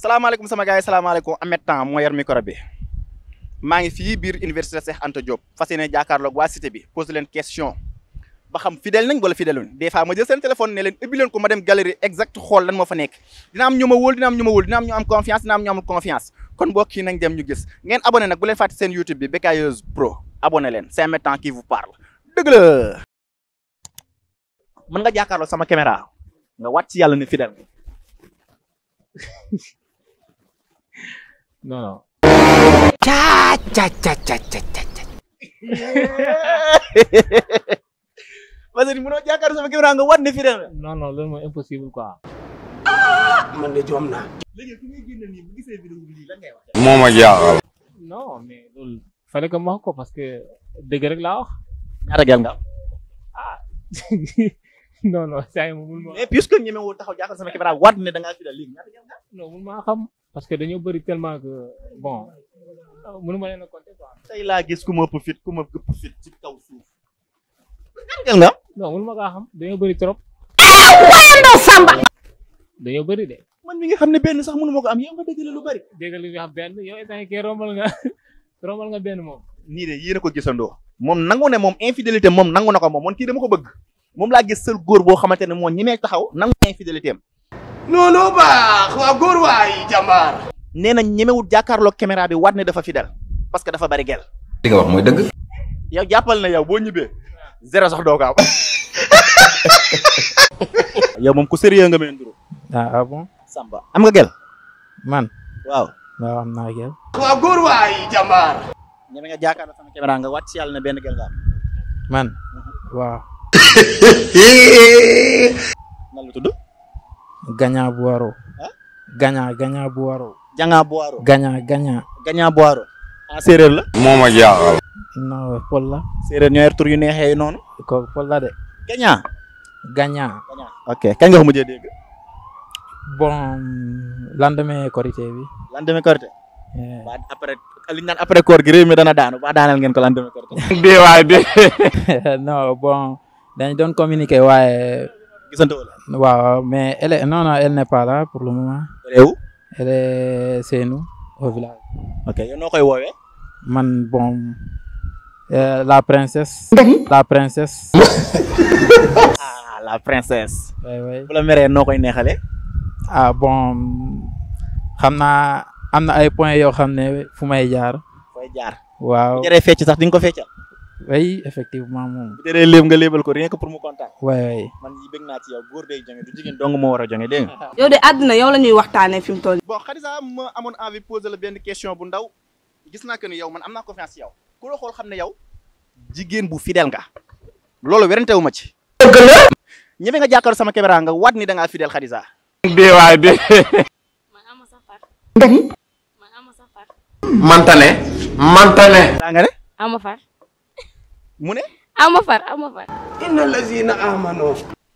salaamaaleykum sama gars yi salaamaaleykum Ahmed Temps moo yor micro bi ngi biir université Cheikh Anta Diop fasiyene jakarlo wa cité bi pose len question ba xam fidèle nañ wala fidèle des fois ma jël sen téléphone ne leen ubbi leen ko ma dem galerie exact xool lan mo fa nek dina am ñuma ma dina am ñuma ma dina am ñu am confiance dina am ñu am confiance kon bokki yi nañ dem ñu gis ngeen abonné nak bu len fàtte sen YouTube bi Bécayeuse Pro abonné len c'est Ahmed qui vous parle dëgg la mën nga jakarlo sama caméra nga wàcc yalla ne fidèle Ya, ah. No, no. Cha, cha, cha, cha, cha, cha, cha. Mas, ele não tinha cara, só que eu não vou nem virar. Não, não, não, é impossível, cara. Ah, mas de jom na. Mama ya. No, me dul. Fale ka mo ko paske degré la wax. Ñaara gel nga. Ah. Non non, say mo mul mo. Mais puisque ñëmé wo taxaw jaxal sama caméra wat ne da nga fi da li. Ñaara gel nga. Non, mul ma xam. parce que dañoo bëri tellement que bon mënuma leen a compter quoi. tey laa gis ku ma ëpp fit ku ma gëpp fit ci kaw suuf. kan nga. xam dañoo bëri trop. waaw Samba. dañoo bëri de. man mi nga xam ne benn sax mënuma ko am yow nga déglu lu bëri. déglu li xam benn yow état kee rombal nga rombal nga benn moom. nii de yéen a ko gisandoo. moom nangu ne moom infidélité moom nangu na ko moom man kii dama ko bëgg. moom laa gis seul góor boo xamante ne moo ñemee taxaw nangu infidélité am. non ba xwa gor way jambar jàmbaar. ñemewul jakarlo caméra bi watne dafa fi dal parce que dafa bari gel. di nga wax moy deug yow jappal na yow bo ñibé zéro sax doo ko yow mom ko sérieux nga meen duro ah, ah bon. Samba am nga gel. man waaw. waaw am na gel. xwa gor way jambar ñeme nga jakarlo sama caméra nga wat ci yalla na ben gel nga man waaw. nan la Ganya buaro, ganya ganya buaro, Boiro. Janga buaro ganya, ganya Gagna Boiro. Ah serer la. Moma jaaxal. Non pol la. Serer ñoy tour yu nexé non. Ko pol la dé. Ganya, ganya, Gagna. OK, kañ nga ko mujjé Bon lendemain korité bi. Lendemain korité. Yeah. Ba après li ñaan après koor gi réew dana daanu ba daanal ngeen ko lendemain korité. Dé waay dé. Non bon dañ doon communiquer gisante wala. waaw mais elle elle n'est pas là pour le moment. elle est où. ok yow koy woowee. man bon euh, la princesse. la princesse. Ah, la princesse. waay waay bu la meree noo koy neexalee. ah bon xam naa am na ay points yoo xam ne fu may jaar. fooy jaar waaw sax di nga ko feccal. oui effectivement moom. bu dee léeb nga léebal ko rien que pour mu kontaan. waay waay man yi bëgg naa ci yow góor day jonge du jigéen dong moo war a jonge dégg nga. yow de àddina yow la ñuy waxtaanee fi mu boo bon Khadija ma amoon envie poser la benn question bu ndaw gis naa que ni yow man am naa confiance ci yow ku la xam ne yow jigéen bu fidèle nga loolu werante wu ma ci. dëgg nga jàkkaarloo sama caméra nga waat ni da ngaa fidèle Khadija. dee waay dee. man ama sa far. nga sa mantane. mantane. daa ne. mune ne. far ama far. inna lazina amanu.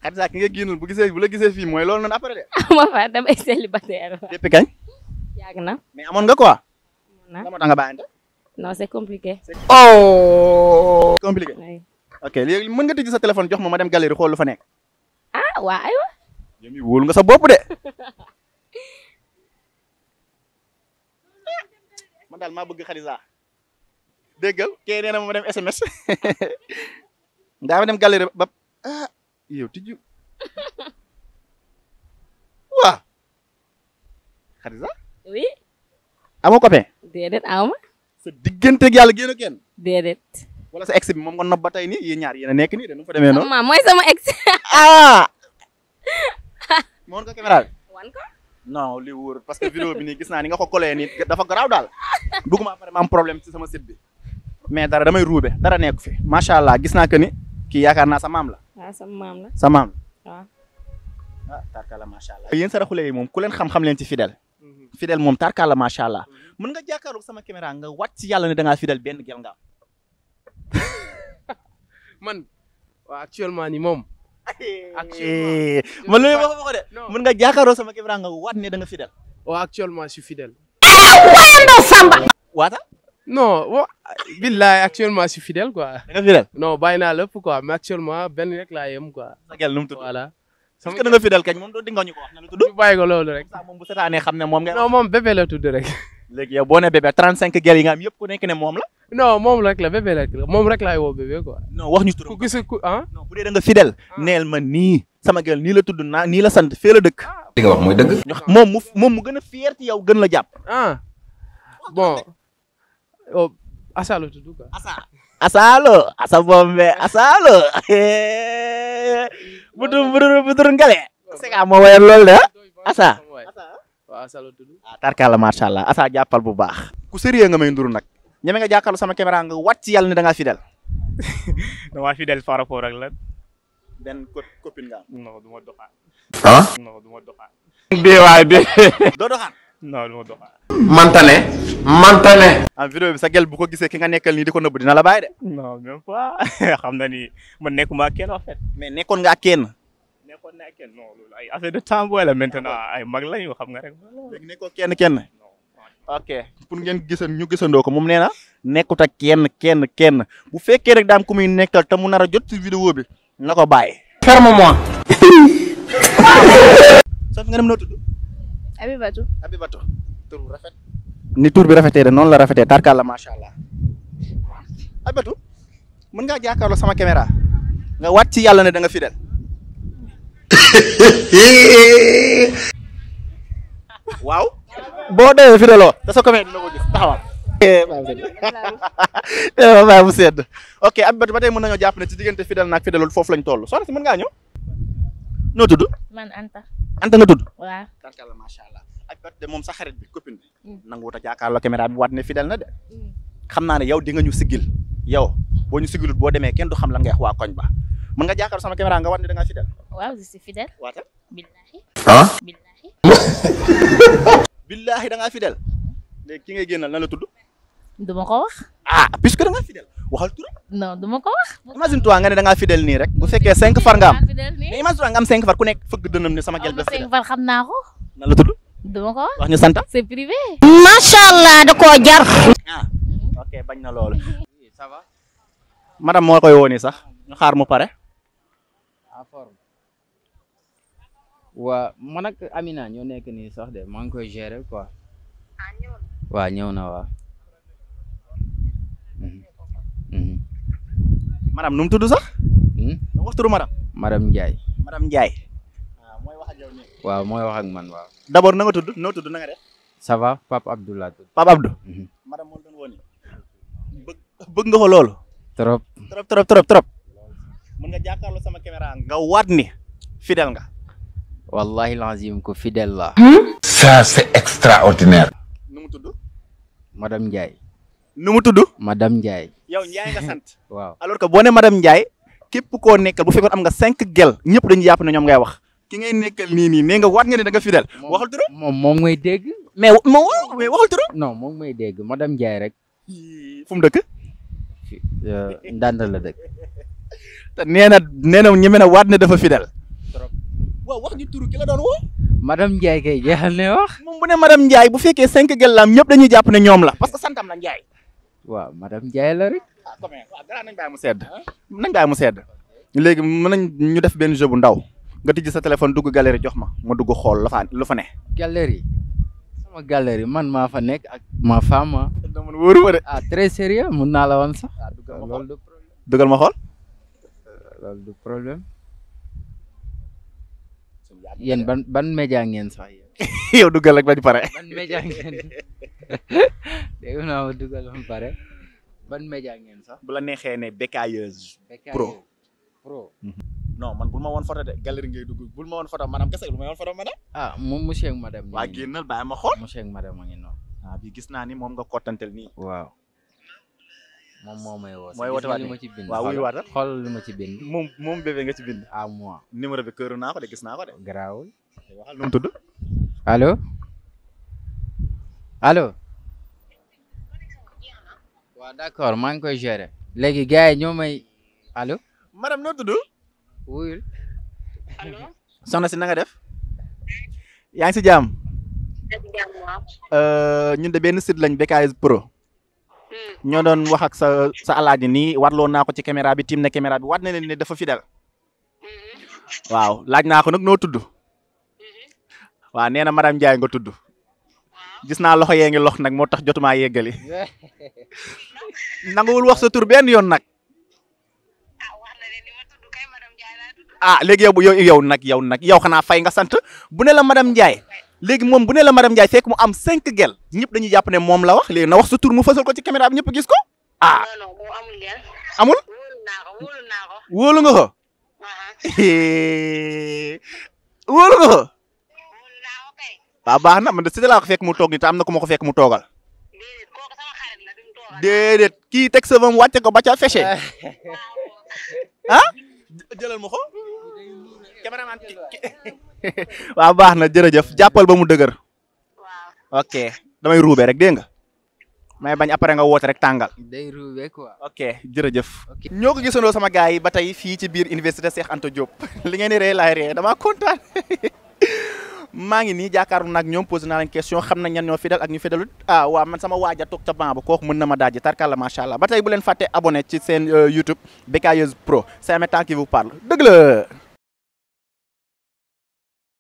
xarit sax ki nga génnul bu gisee bu la gisee fi moy loolu non après de. ama far damay célibataire. depuis kañ. yagna mais amone nga quoi. na dama tanga bayante non c'est compliqué. oh. compliqué. ok léegi meun nga tijji sa téléphone jox ma ma dem galerie xol lu fa nek ah wa ay wa yéen wol nga sa bop de. man daal maa bëgg xarit deggal kay neena mo dem SMS daa dem galerie ba ah yow tiju wa Xadija. oui. amo copain. dedet amuma. sa ak yalla génn kenn. dedet wala sa ex bi mom nga nopp tay ni nii ñaar yena nek ni dañu fa demee noonu. ma moy sama ex. ah. mo woon ko caméra bi. wan ko. non li wour parce que vidéo bi ni gis na ni nga ko collé ni dafa graw dal bëgguma paré ma am problème ci sama site bi mais dara damay roubé dara nek fi machallah gis na ke ni ki yaakaar naa sa mam ah, la. sa mam la sa ah, ah tarkala machallah allah. yéen saraxule yi ku leen xam-xam leen ci fidèle. Mhm. fidèle mom tarkala machallah mhm. mën nga jakarou sama caméra nga wàcc ci yàlla ne da nga fidèle ben gel nga man wa actuellement ni mom eh. actuellement man lay wax wax de. mën nga jakarou sama caméra nga wat ne da nga fidèle. wa actuellement je suis fidèle. Eh, waata. non wa billaay actuellement je suis fidèle quoi. da nga fidèle. non bàyyi naa lépp quoi actuellement benn rek laa yem quoi. sa gel nu mu tudd voilà. sama gel da nga fidèle kañ moom di nga ne lu tudd. moom bu setaanee xam ne moom la tudd rek. léegi am yëpp ku nekk ne moom la. non moom rek la bébé rek la moom rek laay woo bébé quoi. non wax ñu turam ku gis ku ah? ah. sama gel la tudd naa nii la sant fee la dëkk. li nga wax mooy dëgg. moom mu moom mu gën a fier ci yow gën la jàpp. Ah. bon Oh, asal lo asalo Asal, asal lo, asal bombe, asal butuh butuh butuh enggak ya Saya nggak mau yang lol asal. Asal, ah, asal lo dulu. tar asal masalah. Asa japal bu baax. Ku serieux nga may nduru nak. Ñame nga jakarlu sama kamera nga wacc yalla ni da nga fidèle. fidel fidèle par rapport ak lan. Ben copine nga. Non, duma duduk Ah? Non, duma doxaan. Bi waay bi. Do non lu ma dox. mantane. mantane. ah vidéo bi sa gel bu ko gisee ki nga nekkal nii di ko nëbb dina la bàyyi de. non même pas xam na ni ma nekkuma ak kenn en mais nekkoon nga ak kenn. nekkoon naa kenn non loolu affaire de temps booy la maintenant ay mag lañu xam nga rek. léegi kenn kenn. ok pour ngeen gisan ñu gisandoo ko moom nee na nekkut ak kenn kenn kenn bu fekkee rek daam ku muy nekkal te mu nar a jot ci vidéo bi na ko bàyyi. ferme batu. Abi batu. bu rafet ni tour bi rafetee non la rafetee tarka la machallah allah Abibatu mën nga jakarlo sama caméra nga wat ci yalla ne da nga wow bo dé fi delo da sa comment dina ko gis taxawal baa eh, eh, mu sedd ok Abibatu Batu, batay mën nga japp ne ci del nak fi delul fofu lañ tollu so si mën nga ñu no tuddu man Anta ante nga tudd kan ma sha Allah. ak pat de mom sa xarit bi copine bi hmm. nanguuta jàkkaarloo caméra bi wat ne fidèle hmm. na de xamna naa ne yow di nga ñu sigil yow bo ñu sigilut bo demee kenn du xam la ngay wax koñ ba mën nga jàkkaarloo sama caméra nga wat ne da nga fidèle waaw je suis fidèle waata billahi hmm. ah billahi billahi da nga fidèle léegi ki ngay génnal na la tud duma ko wax ah puisque da nga fidèle waxal tur. non du ma ko wax. imagine toi nga ne da ngaa fidèle nii rek bu fekkee cinq far nga am mais imagine toi nga am cinq far ku nekk fëgg dënam ne sama gel ba cinq far xam naa ko. nan la tudd. du ma ko wax ñu sant. c'est privé. macha allah da koo jar. ah ok bañ na loolu. ça va. madame moo koy wooni sax ñu xaar mu pare. en forme. waa man ak Amina ñoo nekk nii sax de maa ngi koy gérer quoi. Ah. waa ñëw na waa. Hmm. madame num tuddu sax da hmm? wax turu madame madame Ndiaye madame Ndiaye ah, moy wax ak yow ni waaw moy wax ak man waaw d'abord nga tuddu no tuddu nga def ça va pap abdullah tuddu papa abdou madame mo don woni beug nga ko lol trop trop trop trop trop mën nga jakarlo sama caméra nga nih ni fidèle nga wallahi lazim ko fidèle la hmm? ça c'est extraordinaire nu madame Ndiaye nu mu tudd. madame Ndiaye. yow Ndiaye nga waaw alors que boo ne madame Ndiaye. képp koo nekkal bu fekkoon am nga cinq gel ñëpp dañuy yàpp ne ñoom ngay wax. ki ngay nekkal nii nii nee nga waat nga ne da nga fidèle. waxal moom moom mooy dégg. mais moom mais waxal turam. non moom mooy dégg madame Ndiaye rek. fu mu dëkk. Euh, ndànd la dëkk. te nee nee na ñeme na waat ne dafa fidèle. waaw wax ñu turu ki la doon woo. madame Ndiaye kay jeexal ne wax. bu ne madame Ndiaye bu fekkee cinq gel laam ñëpp dañuy jàpp ne ñoom la parce que santam la Ndiaye. waaw madame Ndiaye la rek. ah comme mu sedd. nañ bàyyi mu sedd. léegi mën nañ ñu def benn jeu bu ndaw. nga tijji sa téléphone dugg galerie jox ma ma dugg xool la fa lu fa ne. galerie sama galerie man maa fa nekk ak ma femme. dama wóoru ma de. ah très sérieux mun naa la woon sax. Ah, loolu du dugal ma xool. Euh, loolu du problème. ban ban média ngeen sax yow duggal rek bañ pare. ban média ngeen sax. bu la neexee ne Bécayeuse. pro pro. Mhm. non man bul ma woon photo de galerie ngay dugg bul ma woon photo maanaam kese bul ma woon photo maanaam. ah moom monsieur ak madame. waa génnal bàyyi ma xool monsieur ak madame ma ngi noonu. bi gis naa ni moom nga kottantel nii. waaw. moom moo may ci ma ci bind. moom moom nga ci bind. ah moi. numéro bi këru naa ko gis naa ko de. garaawul. waxal nu mu tudd. allo alo waaw d'accord maa ngi koy geere léegi gars yi ñoo may alo madame noo tudd. wuyul. allo. si na def. yaa ngi si jàmm. Euh, ñun de benn site lañ BKS Pro. Hmm. ñoo doon wax ak sa sa alaaji nii warloon naa ko ci caméra bi tiim na caméra bi war na leen ne dafa fidèle. Hmm. waaw laaj naa ko nag noo tudd. waaw nee na madame Ndiaye nga tudd gis naa loxo yee ngi lox nag moo tax jotumaa yeggali nanguwul wax sa tur benn yoon nag ah, a ah, léegi yow yow yow nag yow nag yow xanaa fay nga sant bu ne la madame Ndiaye léegi moom bu ne la madame Ndiaye fekk mu am cinq gel ñëpp dañuy jàpp ne moom la wax léegi na wax sa tur mu fësal ko ci caméra bi ñëpp gis ko ah amul wóolu nga waaw baxna man de la ko fek mu tok ah. ni te am ko mu eh. togal dedet ki tek sa bam wacce ko ba ca fesse ah jëlal ma ko. cameraman wa baxna na jërëjëf jappal ba mu wa ok damay roubé rek dégg nga. may bañ après nga wote rek tangal day roubé quoi. ok jërëjëf. ñoo ñoko gissono sama gaay yi ba tey fii ci biir université Cheikh anto Diop li ngay ni ré la ré dama contane maa ni nii nak ñom ñoom posé naa leen question xamna ñan ñoo ak ñu ah wa man sama waja tok ci ban banc ba kooku mën na ma daaji tarkalla sha allah batay bu len faté abonné ci sen euh, YouTube bekayeuse Pro c'est un temps qui vous parle deug